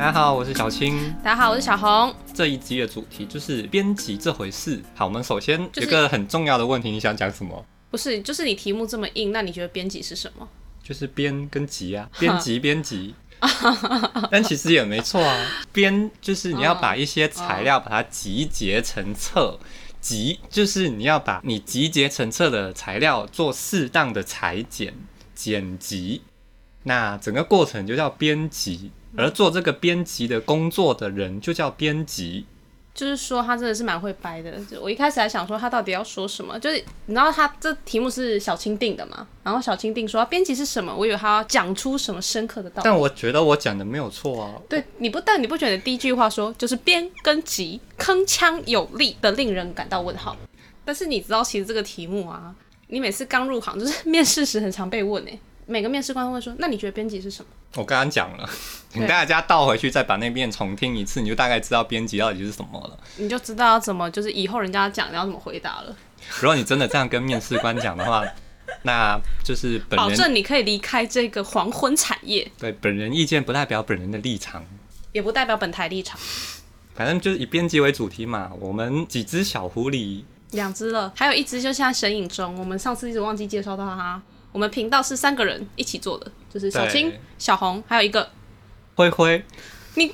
大家好，我是小青。大家好，我是小紅。這一集的主題就是編輯這回事。好，我們首先有個很重要的問題，就是、你想講什麼？不是，就是你題目這麼硬，那你覺得編輯是什麼？就是編跟輯啊，編輯，編輯。但其實也沒錯啊，編 就是你要把一些材料把它集結成冊，輯 就是你要把你集結成冊的材料做適當的裁剪剪輯，那整個過程就叫編輯。而做這個編輯的工作的人就叫編輯，就是說他真的是蠻會掰的。就我一開始還想說他到底要說什麼，就是你知道他這題目是小青定的嘛？然後小青定說編輯是什麼，我以為他要講出什麼深刻的道理。但我覺得我講的沒有錯啊。對，你不，但你不覺得第一句話說就是“編”跟“輯”鏗鏘有力的令人感到問號？但是你知道其實這個題目啊，你每次剛入行就是面試時很常被問，欸。每個面試官會說：“那你覺得編輯是什麼？”我剛剛講了，你大家倒回去再把那邊重聽一次，你就大概知道編輯到底是什麼了。你就知道要怎麼就是以後人家講你要怎麼回答了。如果你真的這樣跟面試官講的話， 那就是本人保證你可以離開這個黃昏產業。對，本人意見不代表本人的立場，也不代表本台立場。反正就是以編輯為主題嘛，我們幾隻小狐狸，兩隻了，還有一隻就像神影中，我們上次一直忘記介紹到它。我們頻道是三個人一起做的，就是小青、小紅，還有一個灰灰。你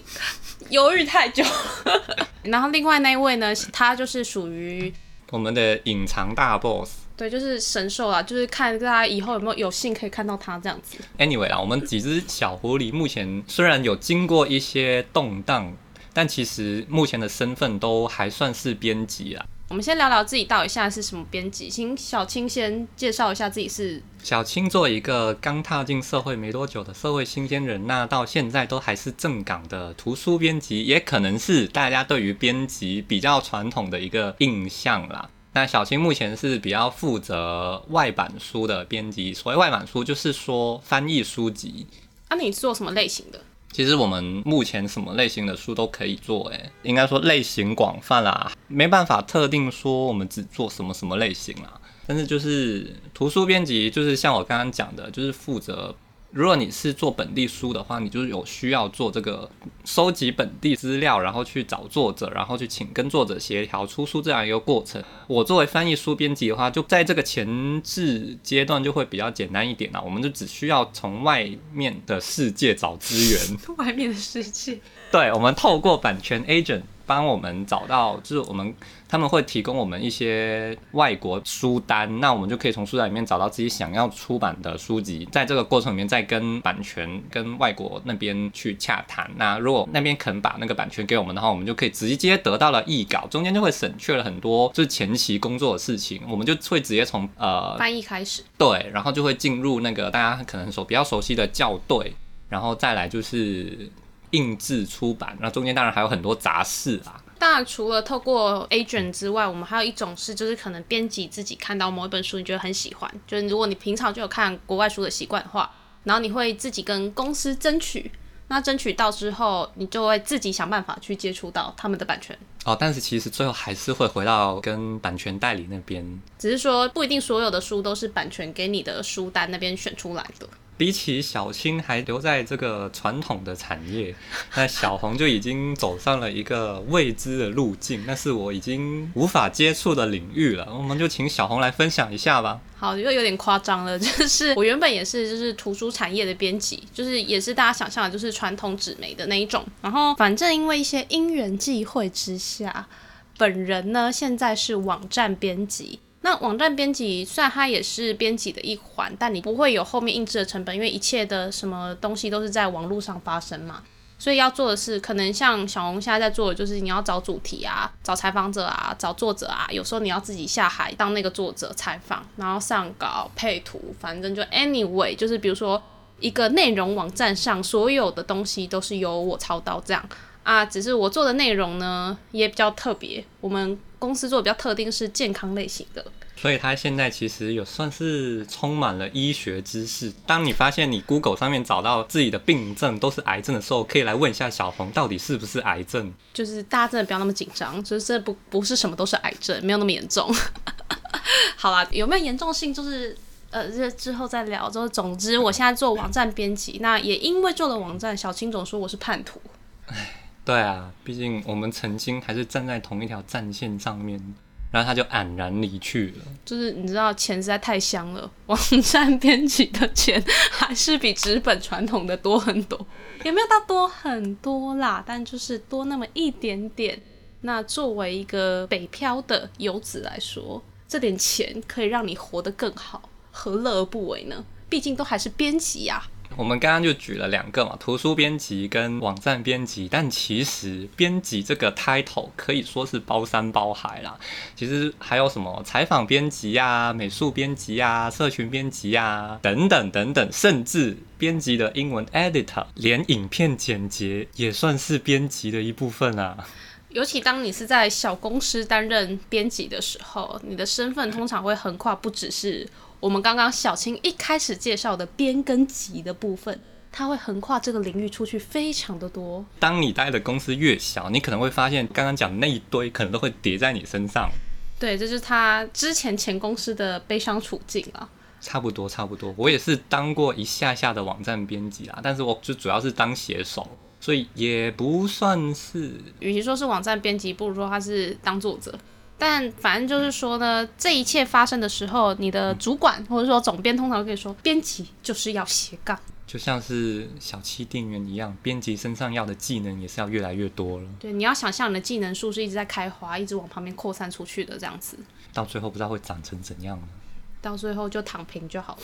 猶豫太久。 然後另外那一位呢，他就是屬於我們的隱藏大 boss。對，就是神獸啊，就是看大家以後有沒有有幸可以看到他這樣子。Anyway 啊，我們幾隻小狐狸目前雖然有經過一些動盪，但其實目前的身份都還算是編輯啦。我們先聊聊自己到底現在是什麼編輯。請小青先介紹一下自己。是小青，做一個剛踏進社會沒多久的社會新鮮人，那到現在都還是正港的圖書編輯，也可能是大家對於編輯比較傳統的一個印象啦。那小青目前是比較負責外版書的編輯，所謂外版書就是說翻譯書籍。啊，你做什麼類型的？其實我們目前什麼類型的書都可以做，欸，誒，應該說類型廣泛啦，沒辦法特定說我們只做什麼什麼類型啦。但是就是圖書編輯，就是像我剛剛講的，就是負責。如果你是做本地書的話，你就有需要做這個收集本地資料，然後去找作者，然後去請跟作者協調出書這樣一個過程。我作為翻譯書編輯的話，就在這個前置階段就會比較簡單一點了啊，我們就只需要從外面的世界找資源，外面的世界，對，我們透過版權 agent。幫我們找到，就是我們他們會提供我們一些外國書單，那我們就可以從書單裡面找到自己想要出版的書籍，在這個過程裡面再跟版權跟外國那邊去洽談。那如果那邊肯把那個版權給我們的話，我們就可以直接得到了譯稿，中間就會省去了很多就是前期工作的事情，我們就會直接從呃翻譯開始，對，然後就會進入那個大家可能說比較熟悉的校對，然後再來就是。定制出版，那中間當然還有很多雜事啊。當然，除了透過 agent 之外，我們還有一種是，就是可能編輯自己看到某一本書，你覺得很喜歡，就是如果你平常就有看國外書的習慣的話，然後你會自己跟公司爭取。那爭取到之後，你就會自己想辦法去接觸到他們的版權。哦，但是其實最後還是會回到跟版權代理那邊，只是說不一定所有的書都是版權給你的書單那邊選出來的。比起小青還留在這個傳統的產業，那小紅就已經走上了一個未知的路徑，那是我已經無法接觸的領域了。我們就請小紅來分享一下吧。好，又有點誇張了，就是我原本也是就是圖書產業的編輯，就是也是大家想象的就是傳統紙媒的那一種。然後反正因為一些因緣際會之下，本人呢現在是網站編輯。那網站編輯雖然它也是編輯的一環，但你不會有後面印製的成本，因為一切的什麼東西都是在網絡上發生嘛。所以要做的是，可能像小紅現在在做的，就是你要找主題啊，找採訪者啊，找作者啊。有時候你要自己下海當那個作者採訪，然後上稿配圖，反正就 anyway，就是比如說一個內容網站上所有的東西都是由我操刀這樣啊，只是我做的內容呢也比較特別，我們公司做的比較特定是健康類型的。所以他現在其實也算是充滿了醫學知識。當你發現你 Google 上面找到自己的病症都是癌症的時候，可以來問一下小紅到底是不是癌症？就是大家真的不要那麼緊張，就是這不不是什麼都是癌症，沒有那麼嚴重。 好啦，有沒有嚴重性就是呃，這之後再聊。就是總之，我現在做網站編輯，那也因為做了網站，小青總說我是叛徒。唉，對啊，畢竟我們曾經還是站在同一條戰線上面。然後他就黯然離去了。就是你知道，錢實在太香了。網站編輯的錢還是比紙本傳統的多很多，也沒有到多很多啦，但就是多那麼一點點。那作為一個北漂的遊子來說，這點錢可以讓你活得更好，何樂而不為呢？畢竟都還是編輯呀。我們剛剛就舉了兩個嘛，圖書編輯跟網站編輯，但其實編輯這個 title 可以說是包山包海啦。其實還有什麼採訪編輯啊、美術編輯啊、社群編輯啊等等等等，甚至編輯的英文 editor，連影片剪接也算是編輯的一部分啊。尤其當你是在小公司擔任編輯的時候，你的身份通常會橫跨不只是。我們剛剛小青一開始介紹的編跟輯的部分，他會橫跨這個領域出去非常的多。當你待的公司越小，你可能會發現剛剛講那一堆可能都會疊在你身上。對，這就是他之前前公司的悲傷處境了啊。差不多，差不多。我也是當過一下下的網站編輯啦啊，但是我就主要是當寫手，所以也不算是。與其說是網站編輯，不如說他是當作者。但反正就是說呢，這一切發生的時候，你的主管或者說總編通常都可以說，編輯就是要斜槓，就像是小七店員一樣，編輯身上要的技能也是要越來越多了。對，你要想象你的技能樹是一直在開花，一直往旁邊擴散出去的這樣子，到最後不知道會長成怎樣呢？到最後就躺平就好了。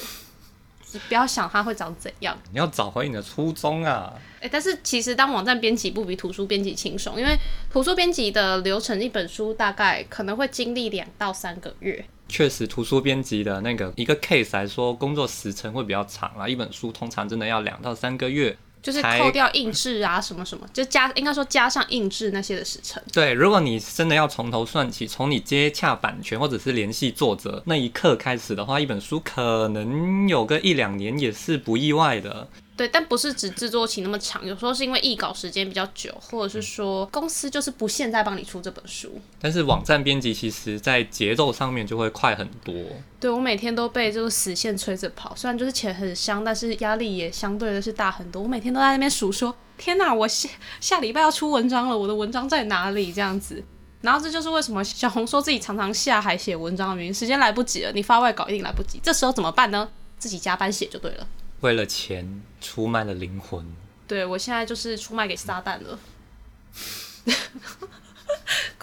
你不要想它會長怎樣，你要找回你的初衷啊！誒、欸，但是其實當網站編輯不比圖書編輯輕鬆，因為圖書編輯的流程，一本書大概可能會經歷兩到三個月。確實，圖書編輯的那個一個 case 來說，工作時程會比較長啊，一本書通常真的要兩到三個月。就是扣掉印製啊什麼什麼，就加應該說加上印製那些的時程。對，如果你真的要從頭算起，從你接洽版權或者是聯繫作者那一刻開始的話，一本書可能有個一兩年也是不意外的。對，但不是只製作期那麼長，有時候是因為譯稿時間比較久，或者是說公司就是不現在幫你出這本書。但是網站編輯其實，在節奏上面就會快很多。對，我每天都被這個死線催着跑，雖然就是錢很香，但是壓力也相對的是大很多。我每天都在那邊數說，天哪，我下下禮拜要出文章了，我的文章在哪裡？這樣子。然後這就是為什麼小紅說自己常常下海寫文章，因為時間來不及了，你發外稿一定來不及，這時候怎麼辦呢？自己加班寫就對了。為了錢出賣了靈魂，對我現在就是出賣給撒旦了。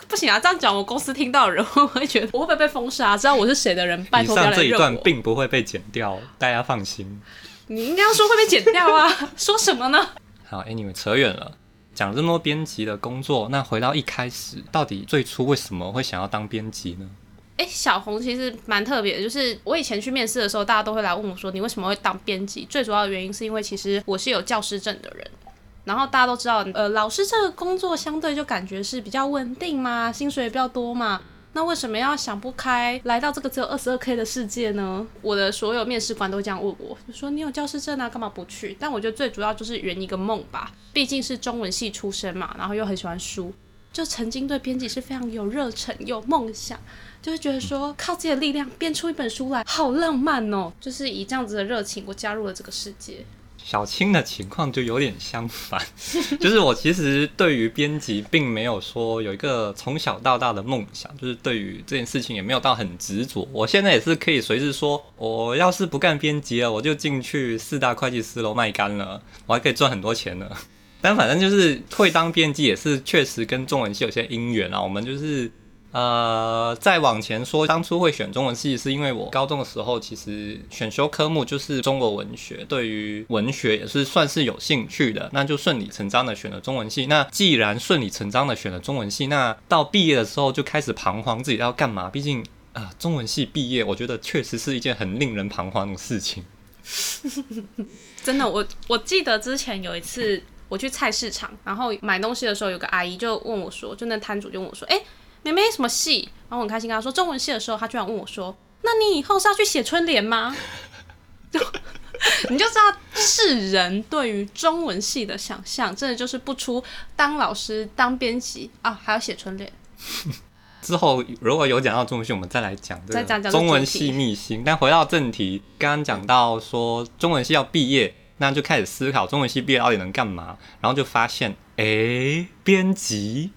不行啊，這樣講我公司聽到的人，我會覺得我會不會被封殺啊？知道我是誰的人，拜託不要來惹我。以上這一段並不會被剪掉，大家放心。你應該要說會被剪掉啊？ 說什麼呢？好，Anyway，欸，扯遠了。講這麼多編輯的工作，那回到一開始，到底最初為什麼會想要當編輯呢？誒，小紅其實蠻特別的。就是我以前去面試的時候，大家都會來問我說：“你為什麼會當編輯？”最主要的原因是因為其實我是有教師證的人。然後大家都知道，呃，老師這個工作相對就感覺是比較穩定嘛，薪水也比較多嘛。那為什麼要想不開來到這個只有 22K 的世界呢？我的所有面試官都這樣問我，說：“你有教師證啊，幹嘛不去？”但我覺得最主要就是圓一個夢吧。畢竟是中文系出身嘛，然後又很喜歡書，就曾經對編輯是非常有熱忱、有夢想。就會覺得說靠自己的力量編出一本書來，好浪漫哦！就是以這樣子的熱情，我加入了這個世界。小青的情況就有點相反， 就是我其實對於編輯並沒有說有一個從小到大的夢想，就是對於這件事情也沒有到很執着。我現在也是可以隨時說，我要是不幹編輯了，我就進去四大會計師樓賣干了，我還可以賺很多錢呢。但反正就是會當編輯也是確實跟中文系有些因緣啊，我們就是。呃，再往前說，當初會選中文系，是因為我高中的時候其實選修科目就是中國文學，對於文學也是算是有興趣的，那就順理成章的選了中文系。那既然順理成章的選了中文系，那到畢業的時候就開始彷徨自己要幹嘛。畢竟啊，呃，中文系畢業，我覺得確實是一件很令人彷徨的事情。 真的，我我記得之前有一次我去菜市場，然後買東西的時候，有個阿姨就問我說，就那攤主就問我說，誒沒沒什麼戲，然後我很開心跟他說中文系的時候，他居然問我說：“那你以後是要去寫春聯嗎？” 你就知道世人對於中文系的想象，真的就是不出當老師、當編輯啊，還要寫春聯。之後如果有講到中文系，我們再來講這個中文系秘辛。但回到正題，剛剛講到說中文系要畢業，那就開始思考中文系畢業到底能幹嘛，然後就發現，哎、欸，編輯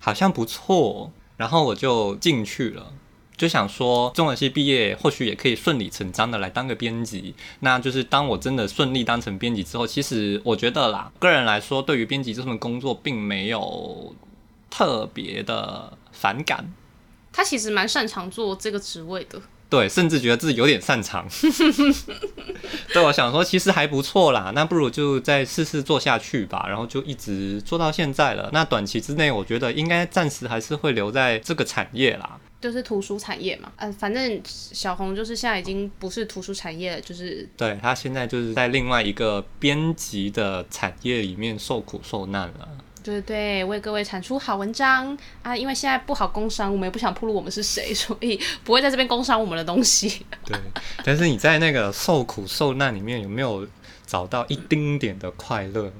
好像不錯。然後我就進去了，就想說中文系畢業或許也可以順理成章的來當個編輯。那就是當我真的順利當成編輯之後，其實我覺得啦，個人來說，對於編輯這份工作並沒有特別的反感。他其實蠻擅長做這個職位的。對，甚至覺得自己有點擅長。 對，我想說其實還不錯啦，那不如就再試試做下去吧。然後就一直做到現在了。那短期之內，我覺得應該暫時還是會留在這個產業啦，就是圖書產業嘛。嗯、呃，反正小紅就是現在已經不是圖書產業了，就是對，他現在就是在另外一個編輯的產業裡面受苦受難了。對對，為各位產出好文章啊！因為現在不好工商，我們也不想暴露我們是誰，所以不會在這邊工商我們的東西。 對，但是你在那個受苦受難裡面有沒有找到一丁點的快樂？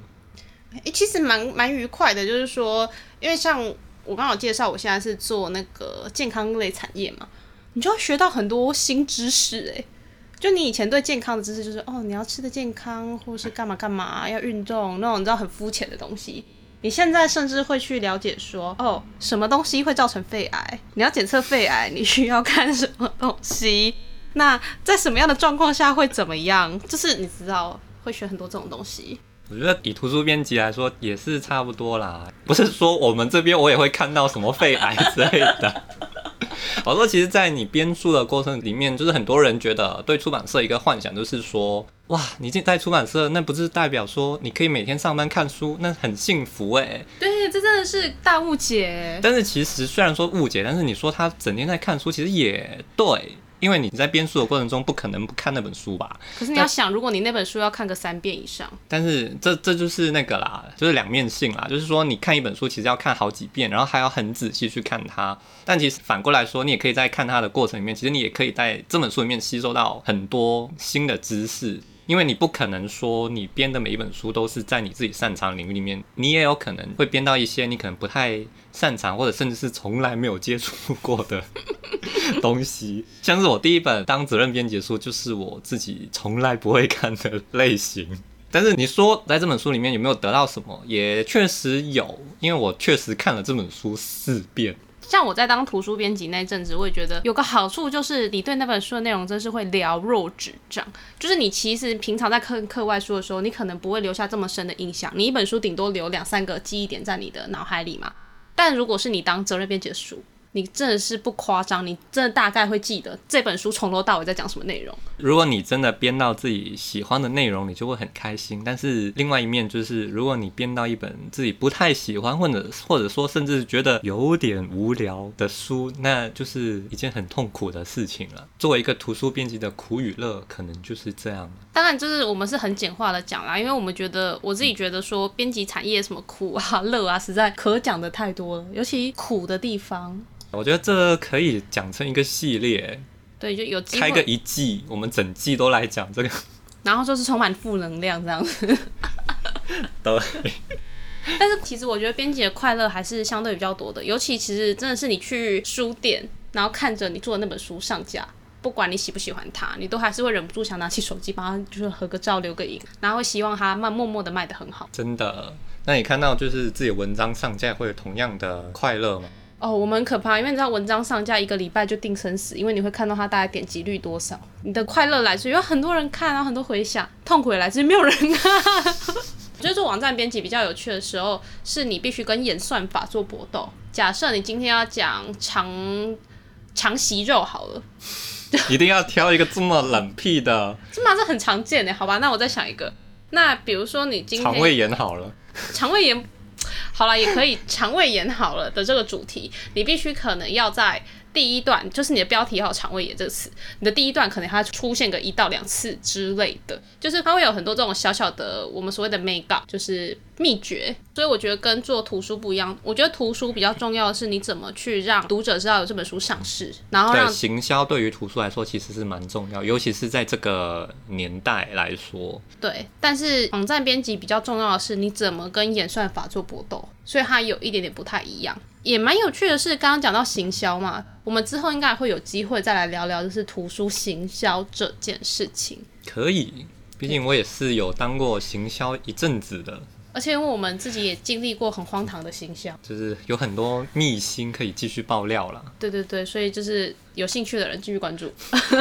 誒，其實蠻蠻愉快的，就是說，因為像我剛好介紹，我現在是做那個健康類產業嘛，你就會學到很多新知識。誒，就你以前對健康的知識，就是哦，你要吃的健康，或是幹嘛幹嘛要運動那種，你知道很膚淺的東西。你現在甚至會去了解說，哦，什麼東西會造成肺癌？你要檢測肺癌，你需要看什麼東西？那在什麼樣的狀況下會怎麼樣？就是你知道會學很多這種東西。我覺得以圖書編輯來說也是差不多啦，不是說我們這邊我也會看到什麼肺癌之類的。 好多，其實，在你編書的過程裡面，就是很多人覺得對出版社一個幻想，就是說，哇，你進在出版社，那不是代表說你可以每天上班看書，那很幸福哎！對，這真的是大誤解。但是其實，雖然說誤解，但是你說他整天在看書，其實也對。因為你在編書的過程中，不可能不看那本書吧？可是你要想，如果你那本書要看個三遍以上。但，但是這這就是那個啦，就是兩面性啦。就是說，你看一本書，其實要看好幾遍，然後還要很仔細去看它。但其實反過來說，你也可以在看它的過程裡面，其實你也可以在這本書裡面吸收到很多新的知識。因為你不可能說你編的每一本書都是在你自己擅長領域裡面，你也有可能會編到一些你可能不太擅長或者甚至是從來沒有接觸過的 東西。像是我第一本當責任編輯的書，就是我自己從來不會看的類型。但是你說在這本書裡面有沒有得到什麼？也確實有，因為我確實看了這本書四遍。像我在當圖書編輯那陣子，我也覺得有個好處，就是你對那本書的內容真是會了如指掌。就是你其實平常在看課,課外書的時候，你可能不會留下這麼深的印象，你一本書頂多留兩三個記憶點在你的腦海裡嘛。但如果是你當責任編輯的書，你真的是不誇張，你真的大概會記得這本書從頭到尾在講什麼內容。如果你真的編到自己喜歡的內容，你就會很開心。但是另外一面就是，如果你編到一本自己不太喜歡，或者或者說甚至覺得有點無聊的書，那就是一件很痛苦的事情了。作為一個圖書編輯的苦與樂，可能就是這樣。當然，就是我們是很簡化的講啦，因為我們覺得我自己覺得說，編輯產業什麼苦啊、樂啊，實在可講的太多了，尤其苦的地方。我覺得這可以講成一個系列，對，就有開個一季，我們整季都來講這個，然後就是充滿負能量這樣子， 對。但是其實我覺得編輯的快樂還是相對比較多的，尤其其實真的是你去書店，然後看着你做的那本書上架，不管你喜不喜歡它，你都還是會忍不住想拿起手機把它就是合個照留個影，然後會希望它慢默默的賣得很好。真的，那你看到就是自己文章上架會有同樣的快樂嗎？哦，我們很可怕，因為你知道，文章上架一個禮拜就定生死，因為你會看到它大概點擊率多少。你的快樂來自於有很多人看、啊，然後很多回響，痛苦也來自於沒有人看、啊。我覺得做網站編輯比較有趣的時候，是你必須跟演算法做搏鬥。假設你今天要講腸腸息肉好了，一定要挑一個這麼冷僻的，這麼，這很常見的，好吧？那我再想一個，那比如說你今天腸胃炎好了，腸胃炎。好了，也可以腸胃炎好了的這個主題，你必須可能要在。第一段就是你的標題，還有也有腸胃炎這個詞，你的第一段可能它出現個一到兩次之類的，就是它會有很多這種小小的我們所謂的 make up，就是秘訣。所以我覺得跟做圖書不一樣，我覺得圖書比較重要的是你怎麼去讓讀者知道有這本書上市，然後讓對行銷對於圖書來說其實是蠻重要，尤其是在這個年代來說。對，但是網站編輯比較重要的是你怎麼跟演算法做搏鬥，所以它有一點點不太一樣。也蠻有趣的是，剛剛講到行銷嘛，我們之後應該會有機會再來聊聊，就是圖書行銷這件事情。可以，畢竟我也是有當過行銷一陣子的，而且因為我們自己也經歷過很荒唐的行銷， 就是有很多秘辛可以繼續爆料了。對對對，所以就是有興趣的人繼續關注。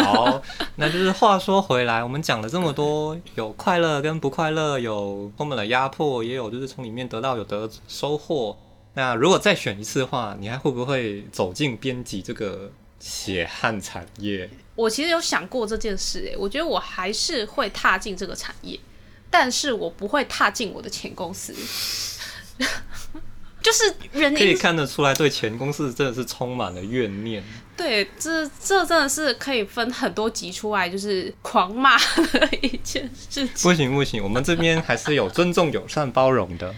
好，那就是話說回來，我們講了這麼多，有快樂跟不快樂，有多麼的壓迫，也有就是從裡面得到有得收穫。那如果再選一次的話，你還會不會走進編輯這個血汗產業？我其實有想過這件事，哎，我覺得我還是會踏進這個產業，但是我不會踏進我的前公司， 就是人的可以看得出來對前公司真的是充滿了怨念。對，這這真的是可以分很多集出來，就是狂罵的一件事情。不行不行，我們這邊還是有尊重、友善、包容的。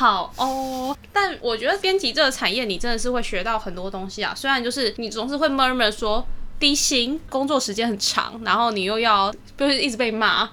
好哦，但我覺得編輯這個產業，你真的是會學到很多東西啊。雖然就是你總是會 murmur 說低薪，工作時間很長，然後你又要就是一直被罵，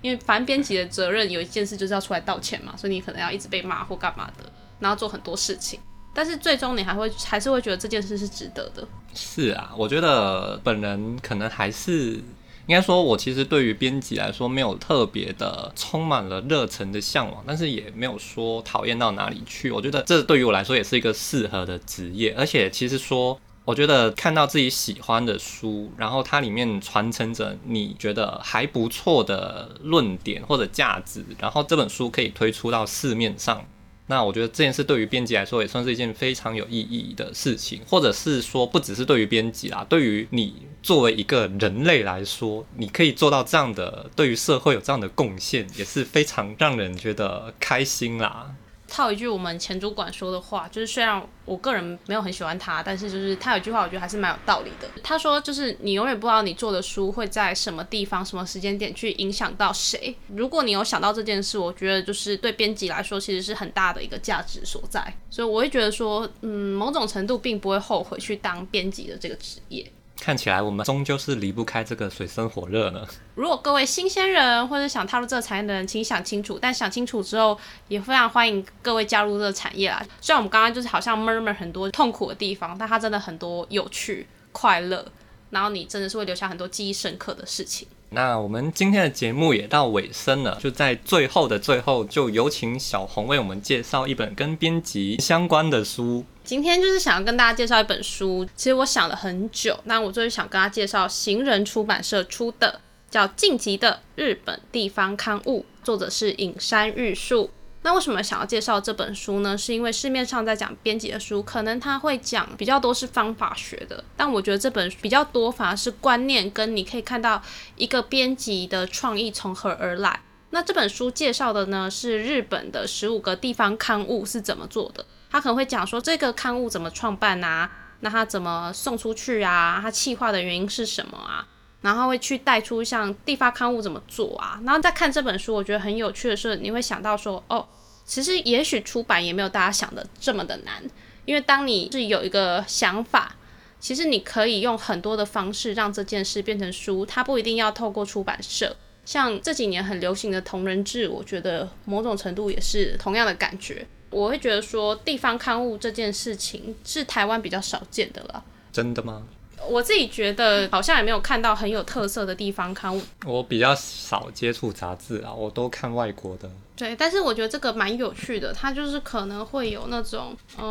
因為反正編輯的責任有一件事就是要出來道歉嘛，所以你可能要一直被罵或幹嘛的，然後做很多事情。但是最終你還會還是會覺得這件事是值得的。是啊，我覺得本人可能還是。應該說，我其實對於編輯來說沒有特別的充滿了熱忱的嚮往，但是也沒有說討厭到哪裡去。我覺得這對於我來說也是一個適合的職業，而且其實說，我覺得看到自己喜歡的書，然後它裡面傳承着你覺得還不錯的論點或者價值，然後這本書可以推出到市面上，那我覺得這件事對於編輯來說也算是一件非常有意義的事情，或者是說，不只是對於編輯啦，對於你。作為一個人類來說，你可以做到這樣的，對於社會有這樣的貢獻，也是非常讓人覺得開心啦。套一句我們前主管說的話，就是雖然我個人沒有很喜歡他，但是就是他有一句話，我覺得還是蠻有道理的。他說，就是你永遠不知道你做的書會在什麼地方、什麼時間點去影響到誰。如果你有想到這件事，我覺得就是對編輯來說，其實是很大的一個價值所在。所以我會覺得說，嗯，某種程度並不會後悔去當編輯的這個職業。看起來我們終究是離不開這個水深火熱呢。如果各位新鮮人或者想踏入這個產業的人，請想清楚。但想清楚之後，也非常歡迎各位加入這個產業啦。雖然我們剛剛就是好像 murmur 很多痛苦的地方，但它真的很多有趣快樂。然後你真的是會留下很多記憶深刻的事情。那我們今天的節目也到尾聲了，就在最後的最後，就有請小紅為我們介紹一本跟編輯相關的書。今天就是想要跟大家介紹一本書，其實我想了很久，那我就是想跟大家介紹行人出版社出的叫《進擊的日本地方刊物》，作者是影山裕樹。那為什麼想要介紹這本書呢？是因為市面上在講編輯的書，可能他會講比較多是方法學的，但我覺得這本比較多，反而是觀念跟你可以看到一個編輯的創意從何而來。那這本書介紹的呢，是日本的十五個地方刊物是怎麼做的。他可能會講說這個刊物怎麼創辦啊，那他怎麼送出去啊，他企劃的原因是什麼啊？然後會去帶出像地方刊物怎麼做啊，然後再看這本書，我覺得很有趣的是，你會想到說，哦，其實也許出版也沒有大家想的這麼的難，因為當你是有一個想法，其實你可以用很多的方式讓這件事變成書，它不一定要透過出版社。像這幾年很流行的同人志，我覺得某種程度也是同樣的感覺。我會覺得說，地方刊物這件事情是台灣比較少見的了。真的嗎？我自己覺得好像也沒有看到很有特色的地方刊物。我比較少接觸雜誌啊，我都看外國的。對，但是我覺得這個蠻有趣的，它就是可能會有那種，嗯、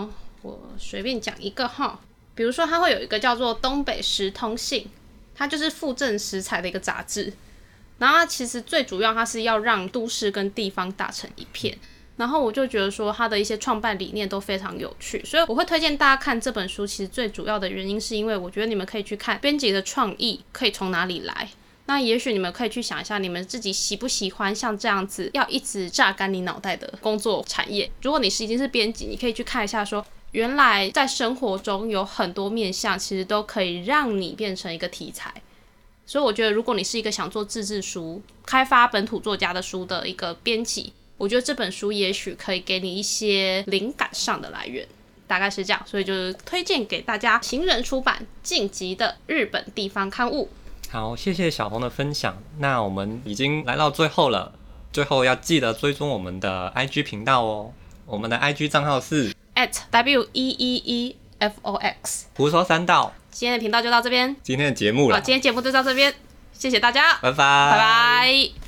呃，我隨便講一個哈，比如說它會有一個叫做《東北食通信》，它就是附贈食材的一個雜誌。然後它其實最主要它是要讓都市跟地方打成一片。嗯然後我就覺得說他的一些創辦理念都非常有趣，所以我會推薦大家看這本書。其實最主要的原因是因為我覺得你們可以去看編輯的創意可以從哪裡來。那也許你們可以去想一下，你們自己喜不喜歡像這樣子要一直榨乾你腦袋的工作產業？如果你是已經是編輯，你可以去看一下，說原來在生活中有很多面向，其實都可以讓你變成一個題材。所以我覺得，如果你是一個想做自製書、開發本土作家的書的一個編輯。我覺得這本書也許可以給你一些靈感上的來源，大概是這樣，所以就是推薦給大家。行人出版進擊的日本地方刊物。好，謝謝小紅的分享。那我們已經來到最後了，最後要記得追蹤我們的 IG 頻道哦。我們的 IG 賬號是 @weeefox。胡 -E -E -E、說三道，今天的頻道就到這邊，今天的節目了。今天的節目就到這邊，謝謝大家，拜拜，拜拜。